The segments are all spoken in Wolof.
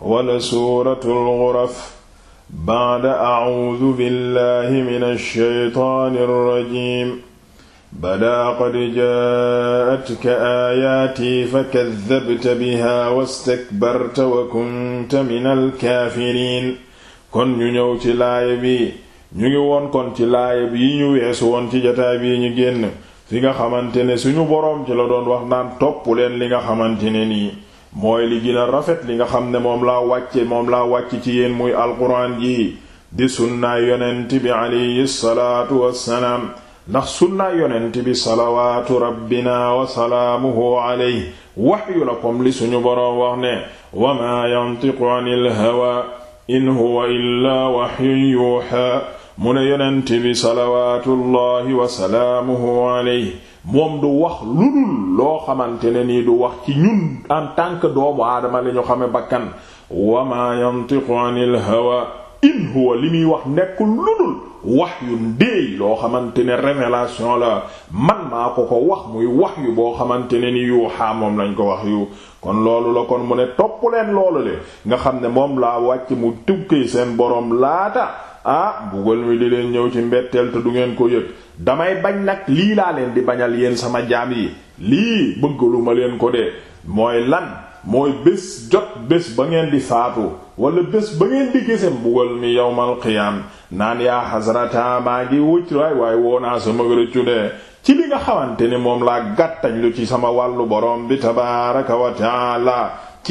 wala suuratul ghuraf ba'da a'uudu billahi minash shaytaanir rajiim balaa qad jaa'atka aayaatii fakadhabta bihaa wastakbarta wa kunta minal kaafiriin kon ñu ñëw ci laaya bi ñu ngi woon kon ci laaya bi ñu weesu woon ci jotaay bi ñu génn fi nga xamante ne suñu borom ci la doon wax naan topp leen li nga xamante ne nii mooy li gën rafet li nga xam ne moom la wàcce moom laa wàcc ci yéen muy alquran ji di sunnaay yonent bi alayhi salaatu wassalaam ndax sunnaay yonent bi salawaatu rabbina wa salaamuhu alayhi wahyu la kom li suñu boroom wax ne wa maa yantiqu anil hawa in huwa illaa wahyun yuuhaa mu ne yonent bi salawaatullahi wa salaamuhu alayhi moom du wax lu dul loo xamante ne nii du wax ci ñun en tant que doomu aadama la ñu xame bakkan wa ma yantiqu anil hawa in li muy wax nekkul lu dul wax yu ndéey loo xamante ne révélation la man maa ko ko wax muy wax yu boo xamante ne ni yu xaa moom lañ ko wax yu kon loolu la kon mu ne topp leen loolu le nga xam ne moom laa wàcc mu tukkee seen borom laata ah bugal mi di leen ñëw ci mbetteel te du ngeen ko yëg damay bañ nag lii laa leen di bañal yéen sama jaam yi lii ma leen ko dee mooy lan mooy bés jot bés ba ngeen di faatu wala bés ba ngeen di gisee mbugal mi yawmal qiyaam naan yaa xasrata maa ngi wucc waay waaye woonaa sama rëccu de ci li nga xamante ni moom laa gàttañ lu ci sama wàllu borom bi tabaaraka wa taala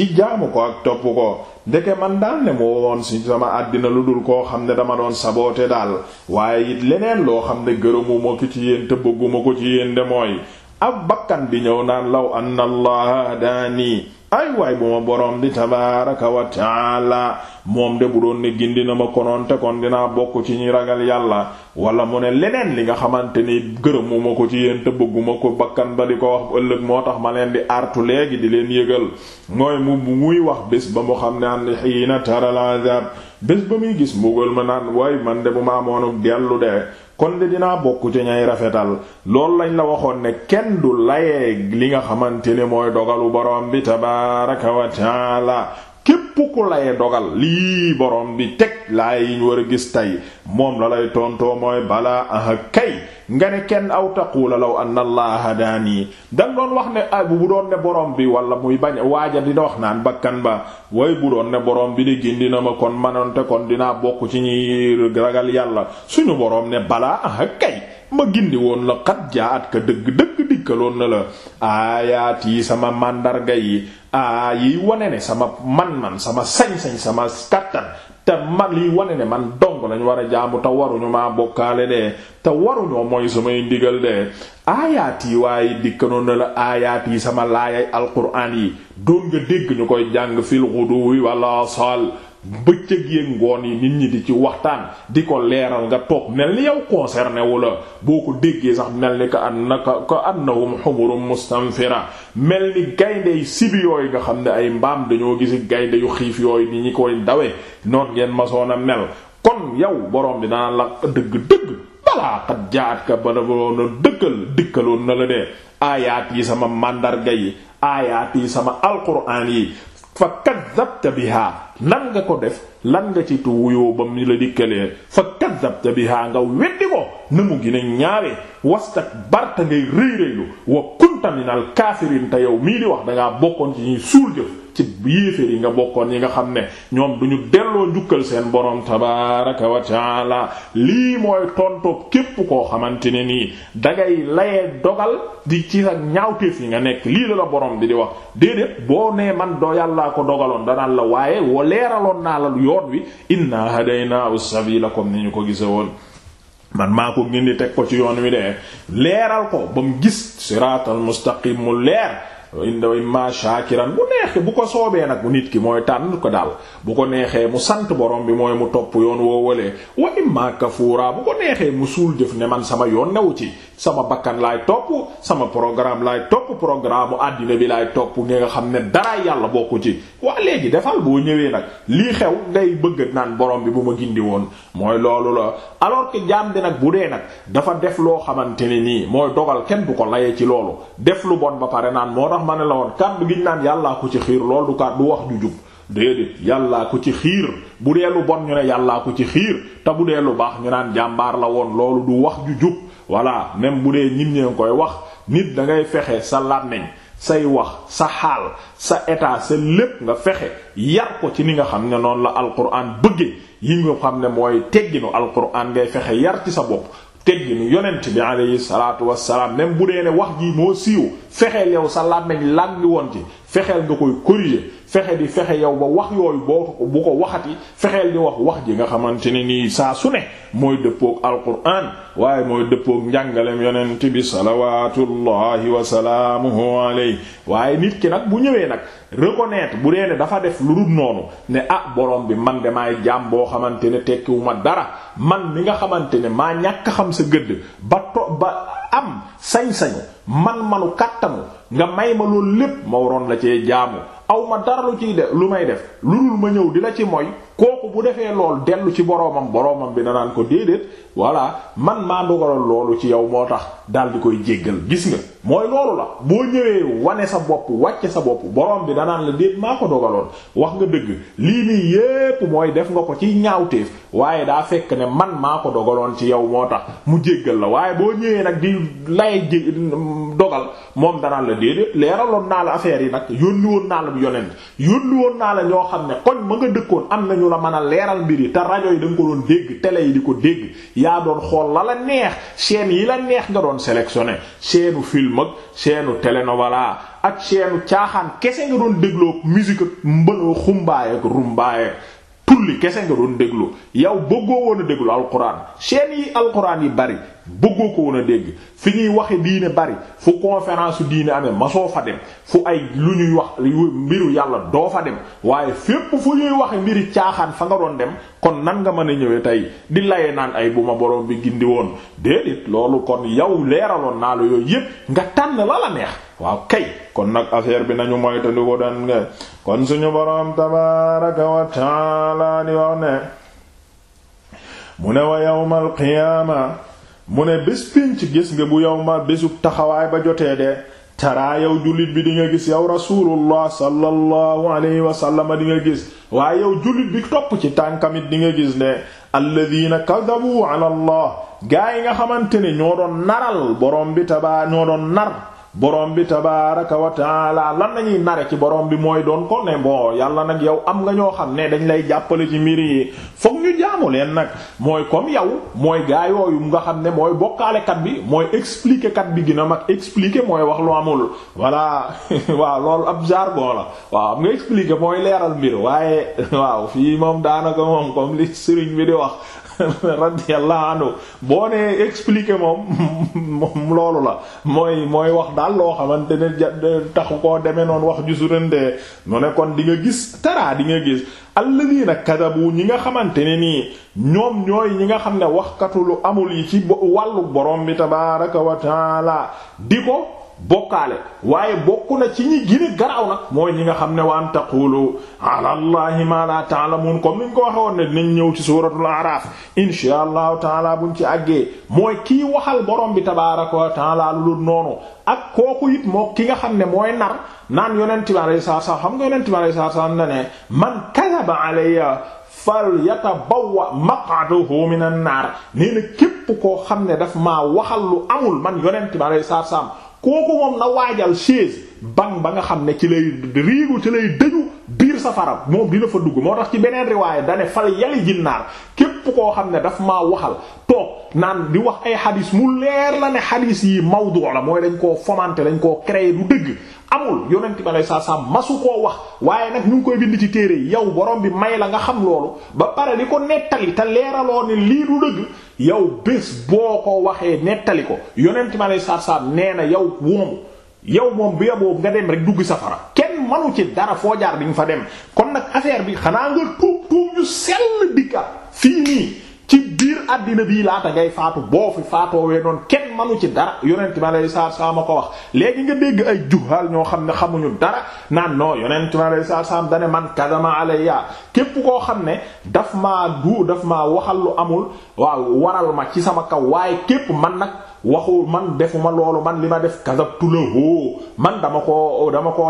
ci jaamu ko ak topp ko ndeke man daal ne moo woon si sama àddina lu dul koo xam ne dama doon saboote daal waaye it leneen loo xam ne gërëmuma ko ci yéen te bëgguma ko ci yéen de mooy ab bakkan di ñëw naan law anna allaha hadaani ay waay bu ma boroom di tabaaraka wa taala moom de bu doon ne gindi na ma konoonte kon dinaa bokk ci ñuy ragal yàlla wala mu ne leneen li nga xamante ni gërëmuma ko ci yéen te bëgguma ko bakkan ba di ko wax ëllëg moo tax ma leen di artu léegi di leen yëgal mooy mu muy wax bés ba mu xam ne am xiina taral azab bés ba muy gis mbugal ma naan way man de bu ma amoon ak dellu de kon de dinaa bokk ci ñay rafetal loolu lañ la waxoon ne kenn du layee li nga xamante ne mooy dogalu borom bi tabaaraka wa taala képp ku laye dogal lii borom bi teg laay yiñ war a gis tey moom la lay tontoo mooy balaa aha kay nga ne kenn aw taquula law anna allah hadaani danga doon wax ne ah bu doon ne bi wala muy bañ waaja dina wax naan bakkan ba way bu doon ne borom bi di gindi na ma kon manonte kon dinaa bokk ci ñuy ragal yàlla suñu borom ne balaa ah kay ma gindi woon la xat jaat ka dëgg dëgg dikkaloon na la aayaat yi sama màndarga yi aa yiy wane ne sama man-man sama sañ-sañ sama kàttan te man liy wane ne man dong lañ war a jaamu te waruñu maa bokkaale de te waruñoo mooy samay ndigal de aayaat yi waaye dikkanoon na la aayaat yi sama laayay alquraan yi doon nga dégg ñu koy jàng fil ghuduwi wala sal bëccëg yeeg ngoon yi nit ñi di ci waxtaan di ko leeral nga toog mel ni yow concerné wu la boo ko déggee sax mel ni ka annaka ka annahum humurum mustanfira mel ni gaynde sibi yooyu nga xam ne ay mbaam dañoo gisi gaynde yu xiif yooyu ni ñi koy dawe noon ngeen masoon a mel kon yow borom bi danaan la dëgg-dëgg balaa xat jaat ka badabaloona dëkkal dikkaloon na la dee aayaat yi sama màndarga yi aayaat yi sama alquraan yi fa kaddabta biha nan nga ko def lan nga ci tuuyoo ba mu la dikkalee fa kaddabta biha nga weddi ko na mu gën a ñaawee wastakbarta ngay rëy rëylu wa kunta minal kaafiriin te yow mii di wax dangaa bokkoon ci ñuy suul jëf ci yéeféer yi nga bokkoon yi nga xam ne ñoom ñu delloo njukkal seen boroom tabaaraka wa taala lii mooy tontoob képp koo xamante ne nii dangay layee dogal di ci sa ñaawteef yi nga nekk lii la la boroom di di wax déedéet boo nee man yàllaa ko dogaloon leeraloon naa la yoon wi inna hadaynaa as-sabila comme ni ñu ko gise woon man maa ko gindi teg ko ci yoon wi de leeral ko ba mu gis siraatal mustaqim mu leer indaw imma shakiran bu neexee bu ko soobee nag bu nit ki mooy tànn ko daal bu ko neexee mu sant borom bi mooy mu topp yoon woo wa imma kafura bu ko neexee mu suul jëf ne man sama yoon newu ci sama bakkan laay topp sama programme laay topp programme àddina bi laay topp nga nga xam ne dara yàlla bokku ci waa léegi defal boo ñëwee nag lii xew ngay bëgg naan borom bi bu ma gindi woon mooy loolu la alors que jaam di nag bu dee nag dafa def loo xamante ne nii mooy dogal kenn du ko layee ci loolu def lu bon ba pare naan moo tax ma ne la woon kàddu gi ñu naan yàllaa ko ci xiir loolu du kat du wax ju jub déedéet yàllaa ko ci xiir bu dee lu bon ñu ne yàllaa ko ci xiir te bu dee ñu naan jàmbaar la woon loolu du wax ju voilà même bu dee ñim ñeen koy wax nit da ngay fexe sa làmmiñ say wax sa xaal sa état sa lépp nga fexe yar ko ci ni nga xam ne noonu la alquran bëgge yi nga xam ne mooy tegginu alquran ngay fexe yar ci sa bopp tegginu yonent bi alayhi salaatu wassalaam même bu dee ne wax ji moo siiw fexeel yow sa làmmiñ làmmi woon ji fexeel nga koy corriger fexe di fexe yow ba wax yooyu boo ko bu ko waxati fexeel di wax wax ji nga xamante ne nii saa su ne mooy dëppook alquran waaye mooy dëppook njàngalem yonent bi salawatullahi wasalaamuhu alayhi waaye nit ki nag bu ñëwee nag reconnaître bu dee ne dafa def lu dul noonu ne ah borom bi man de maay jaam boo xamante ne tekkiwu dara man mi nga xamante ne maa ñàkk xam sa gëdd ba to ba am sañ-sañu man-manu kàttanu nga may ma loolu lépp ma waroon la cee jaamu aw ma dara lu ciy may def lu dul ma ñëw di la ci mooy kooku bu defee lool dellu ci boroomam boroomam bi na naan ko déedéet voilà man maa dogaloon loolu ci yow moo tax daal di koy jéggal gis nga mooy loolu la boo ñëwee wane sa bopp wàcce sa bopp borom bi danaan la déet maa ko dogaloon wax nga dëgg lii nii yépp mooy def nga ko ci ñaawteef waaye daa fekk ne man maa ko dogaloon ci yow moo tax mu jéggal la waaye boo ñëwee nag di lay dogal moom danaan la déedéet leeraloon naa la affaire yi nag yónni woon naa la bu yonent yónni woon naa la ñoo xam ne koñ ma nga dëkkoon am na ñu la mën a leeral mbir yi te rajo yi da ko doon dégg télé yi di ko dégg yaa doon xool la la neex chaîne yi la neex nga doon sélectionner chaîne film ak seenu telenovela ak seenu caaxaan kese nga doon dégloo musique ak mbënoo xumbaay ak tulli kese nga doon déglu yow bëggoo woon a déglu alquran chaîne yi alquran yi bari bëggoo ko woon a dégg fi ñuy waxe diine bari fu conférence diine amee soo fa dem fu ay lu ñuy wax mbiru yàlla doo fa dem waaye fépp fu ñuy waxe mbiri caaxaan fa nga doon dem kon nan nga mën a ñëwee tey di laye naan ay bu ma borom bi gindi woon déedéet loolu kon yow leeraloon naa la yooyu yépp nga tànn la la neex waaw kay kon nag affaire bi nañu moytandi ko dan nga kon suñu boroom tabaaraka wa taala di wax ne mu ne wa yawmal qiyaama mu ne bés pinc gis nga bu yawmal bésub taxawaay ba jotee de taraa yow jullit bi di nga gis yow rasulullah sallallahu alayhi wa sallam di nga gis waaye yow jullit bi topp ci tànkamit di nga gis ne alladina kadabu ala gaa yi nga xamante ne ñoo doon naral borom bi tabaa ñoo doon nar borom bi tabaaraka wa taala lan la ñuy nare ci borom bi mooy doon ko ne bon yàlla nag yow am nga ñoo xam ne dañ lay jàppale ci mbir yi fokk ñu jaamu leen nag mooy comme yow mooy gaa yooyu nga xam ne mooy bokkaalekat bi mooy expliquer kat bi gina mag expliquer mooy wax lu amul voilà waaw loolu ab jargon la waaw am nga expliquer mooy leeral mbir waaye waaw fii moom daanaka moom comme li sëriñ bi di wax. radiyallahu anhu boo nee expliqué moom moom loolu la mooy mooy wax daal loo xamante ne taxu koo demee noonu wax ju surandee mu ne kon di nga gis taraa di nga gis alladina kadabu ñi nga xamante ne nii ñoom ñooy ñi nga xam ne waxkatu lu amul yi ci wàllu borom bi tabaraka wa di ko bokkaale waaye bokk na ci ñi gën a garaaw mooy ñi nga xam ne wa an taqulu ala allahi ma la ta'lamun comme niñ ko waxe woon ne dinañ ñëw ci suratul araf insha allahu taala buñ ci àggee mooy kii waxal borom bi tabaaraka wa taala lu dul noonu ak kooku it moo ki nga xam ne mooy nar naan yonent bi alayhi salaam xam nga yonent bi alayhi salaam na ne man kadaba alayya fal yatabawwa maq'adahu minan naar nee na képp koo xam ne daf maa waxal lu amul man yonent bi alayhi salaam kooku moom na waajal chaise ban ba nga xam ne ci lay riigu ci lay dëju biir safara moom dina fa dugg moo tax ci beneen riwaaya dane fal yali jinnaar képp koo xam ne dafa maa waxal toog naan di wax ay xadis mu leer la ne xadis yi mawdu la mooy dañ koo fomante dañ koo créer du dégg amul yonent bi alei sat selaam masu koo wax waaye nag ñu ngi koy bind ci téere yi yow borom bi may la nga xam loolu ba pare di ko nettali te leeraloo ne lii du dëgg yow bés boo ko waxee nettali ko yonent bi alei sat selaam nee na yow woomu yow moom bu yaboo nga dem rek dugg safara kenn manu ci dara foo jaar bi ñu fa dem kon nag affaire bi xanaa nga tuub tuub ñu sell dikka fii nii ci biir àddina bii laata ngay faatu boo fi faatoo wee noonu kenn manu ci dara yonent mi alayhi salaatu salaam a ko wax léegi nga dégg ay juhaal ñoo xam ne xamuñu dara naan noo yonent mi alayhi salaatu salaam dane man kadama alayya képp koo xam ne daf maa du daf maa waxal lu amul waaw waral ma ci sama kaw waaye képp man nag waxu man defuma loolu man li ma def kasabtu la hoo man dama ko dama ko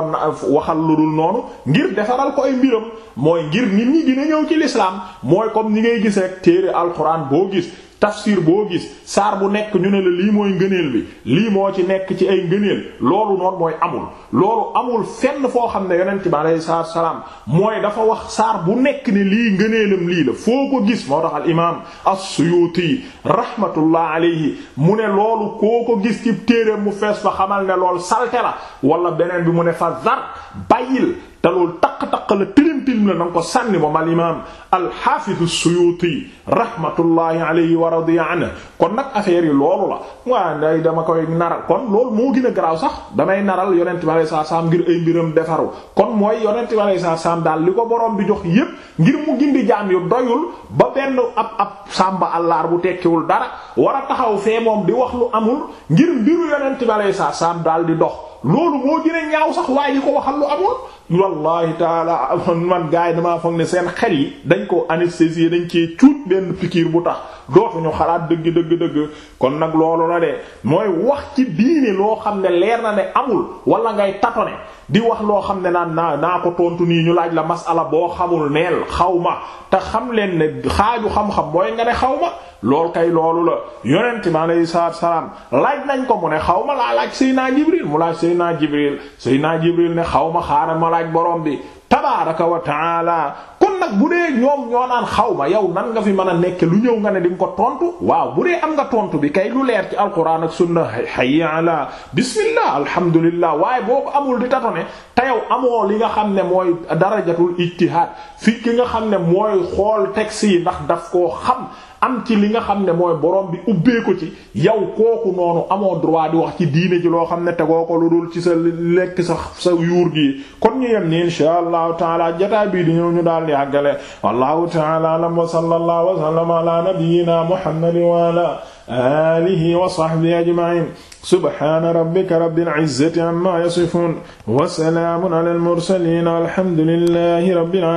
waxal lu dul noonu ngir defaral ko ay mbiram mooy ngir nit ñi dina ñëw ci lislaam mooy comme ni ngay gis rek téere alxuraan boo gis tafsir boo gis saar bu nekk ñu ne la lii mooy ngëneel bi lii moo ci nekk ci ay ngëneel loolu noonu mooy amul loolu amul fenn foo xam ne yonent ci alayhi salaatu salaam mooy dafa wax saar bu nekk ni lii ngëneelam lii la foo ko gis moo tax al imaam as-Suyuuti rahmatullah alayhi mu ne loolu koo ko gis ci téereem mu fees fa xamal ne lool salte la wala beneen bi mu ne fa zar bàyyil te loolu taq-taq la tilim tilim na danga ko sànni moom al imaam alxaafidu suyuuti rahmatullahi alayhi wa radiya anhu kon nag affaire yi loolu la waa day dama koy naral kon loolu moo gën garaaw sax damay naral yonent bi alayhi salaam ngir ay mbiram defaru kon mooy yonent bi alayhi salaam daal li ko borom bi jox yépp ngir mu gindi jaam yu doyul ba benn ab ab sàmba allaar bu tekkiwul dara war a taxaw fee moom di wax lu amul ngir mbiru yonent bi alayhi salaam daal di dox loolu moo gën a ñaaw sax waaye di ko waxal lu amoon wallahi taala man gaay damaa foog ne seen xel yi dañ ko anesthésier dañ cee cuut benn pikiir bu tax dootuñu xalaat dëgg dëgg dëgg kon nag loolu la de mooy wax ci diine loo xam ne leer na ne amul wala ngay tatone di wax loo xam ne naan naa naa ko tontu nii ñu laaj la masala boo xamul neel xaw ma te xam leen ne xaaju xam-xam mooy nga ne xaw ma lool kay loolu la yonent mi alayhi salaam laaj nañ ko mu ne xaw ma laa laaj naa Jibril mu laaj Seydina Jibril naa Jibril ne xaw ma xaaral ma laaj borom bi tabaaraka wa nag bu dee ñoom ñoo naan xaw ma yow nan nga fi mën a nekk lu ñëw nga ne di ko tontu waaw bu dee am nga tontu bi kay lu leer ci alquran ak sunna hayya ala bismillah alhamdulillah waaye boo ko amul di tatone te yow amoo li nga xam ne mooy darajatul ijtihaad fi ki nga xam ne mooy xool texte yi ndax daf koo xam. am ci li nga xam ne mooy borom bi ubbee ko ci yow kooku noonu amoo droit di wax ci diine ji loo xam ne tegoo ko lu dul ci sa lekk sa sa yuur gi kon ñu yem ni insha taala jotaay bii di ñëw ñu daal di àggale wallahu taala alam wa sallallahu wa sallama ala nabiyyina muhammadin wa ala alihi wa sahbihi ajma'in subhana rabbika rabbil izzati amma yasifun wa salamun ala al